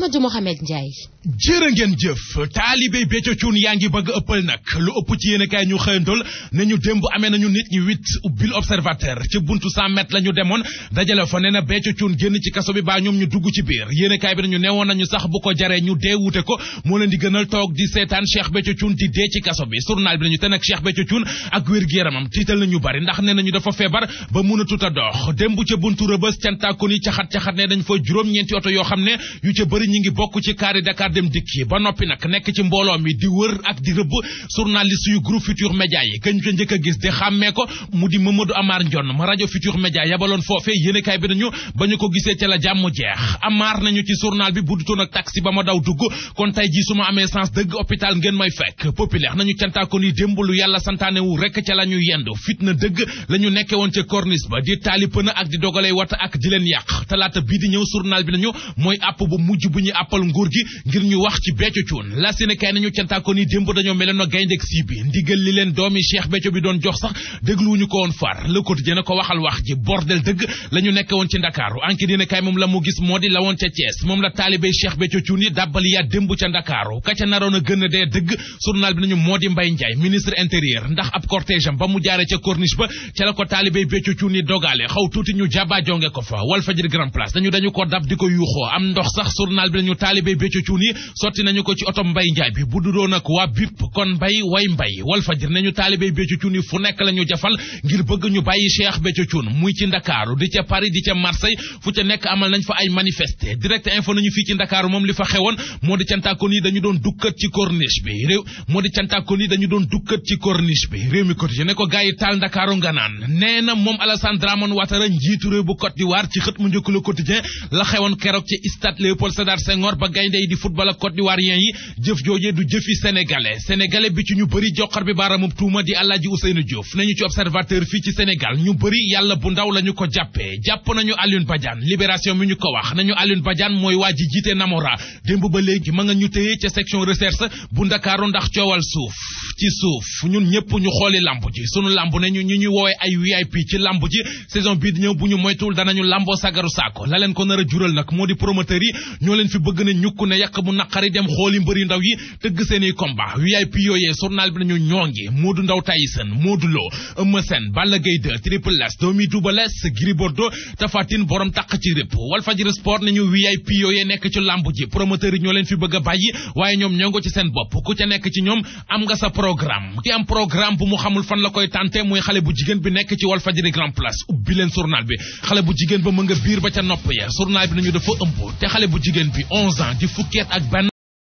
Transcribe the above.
Amadou a Ndiaye. jërë ngeen jëf taalibe Béthio Thioune yaa ngi bëgg ëppal nag lu ëpp ci yéen ñu xëyandool ne ñu démb amee nañu nit ñi huit ubbil observateur ci buntu 100 mètres demoon dajale fa nee na génn ci kaso bi baa ñoom ñu dugg ci biir yéen bi nañu newoon nañu sax bu ko jaree ñu dee wute ko moo leen di gënal toog di seetaan Cheikh Béthio Thioune di dee ci kaso bi journal bi nañu te nag Cheikh Béthio Thioune ak wér-gu-yaramam tiital nañu bari ndax a dox démb ca buntu ñi ngi bokk ci kaari Dakar dem dikki ba noppi nag nekk ci mbooloo mi di wër ak di rëbb journaliste yu groupe Futur Média yi kañ ko njëkk a gis di xàmmee ko mu di Mamadou Amar Ndione ma rajo Futur Média yabaloon foofee yéenekaay bi nañu ba ñu ko gisee ca la jàmm jeex Amar nañu ci journal bi buddutoon ak taxi ba ma daw dugg kon tey jii su ma amee sens dëgg hôpital ngeen may fekk populaire nañu cantaakon yi démb lu yàlla santaane wu rek ca la ñu yendu fitna dëgg la ñu nekke woon ca corniche ba di taali pëna ak di dogalay wata ak di leen di ñëw bi nañu bu ñu àppal nguur gi ngir ñu wax ci Béthio Thioune la Sénégal nañu cantaako ni démb dañoo meloon na gayndeg si bi ndigal li leen doomi Cheikh Béthio bi doon jox sax dégluwuñu ko woon far Le Quotidien na ko waxal wax ji bordel dëgg la ñu woon ci Ndakaaru Enquête moom la mu gis moo di la woon ca Thiès moom la taalibey Cheikh Béthio Thioune yi dàbbali yaa démb ca Ndakaaru ka ca naroon a gën a dëgg journal bi nañu moo di Mbaye Ndiaye ministre intérieur ndax ab cortège ba mu jaare ca corniche ba ca la ko taalibey yëgal bi nañu taalibe Béthio Thioune yi sotti nañu ko ci oto Mbaye Ndiaye bi bu dudoon ak waa BIP kon Mbaye way Mbaye Walfadjri nañu taalibe Béthio Thioune yi fu nekk la jafal ngir bëgg ñu bàyyi Cheikh Béthio Thioune muy ci Ndakaaru di ca Paris di ca Marseille fu ca nekk amal nañ fa ay manifeste direct info nañu fii ci Ndakaaru moom li fa xewoon moo di cantaakon yi yi dañu doon dukkat ci corniche bi réew mi quotidien ne ko gars taal Ndakaaru nga naan nee na moom Senghor ba gaynde yi di football ak Côte d'Ivoirien yi jëf joojee du jëfi sénégalais sénégalais bi ci ñu bëri joxar bi baaraamub tuuma di Alaaji Ousseynou Diouf nañu ci observateur fii ci Sénégal ñu bëri yàlla bu ndaw la ñu ko jàppee jàpp nañu Alioune Badiane libération mi ñu ko wax nañu Alioune Badiane mooy waa ji jiite Namora démb ba léegi ma nga ñu téye ca section recherche bu Ndakaaru ndax coowal suuf ci suuf ñun ñëpp ñu xooli lamb ji sunu lamb ne ñu ñu ñuy woowee ay VIP ci lamb ji saison bii di ñëw bu ñu moytuwul danañu a fi bëgg na ñukk ne yàq mu naqari dem xooli mbëri ndaw yi tëgg seeni combat VIP yooyee journal bi nañu ñoongi Modou Ndaw Tyson Modou Lo Eumeu Sène Balla Triple S doomi Double Less Gris Bordeaux Tapha taq ci rëpp Walfadjri Sport nañu VIP yooyee nekk ci lamb ji promoteur yi ñoo leen fi bëgg a bàyyi waaye ñoom ñoo ngi ci seen bopp ku ca nekk ci ñoom am nga sa programme ki am programme bu mu xamul fan la koy tànte muy xale bu jigéen bi nekk ci Walfadjri Grand Place ubbi leen journal bi ba bi 11 ans di fukkeet ak benn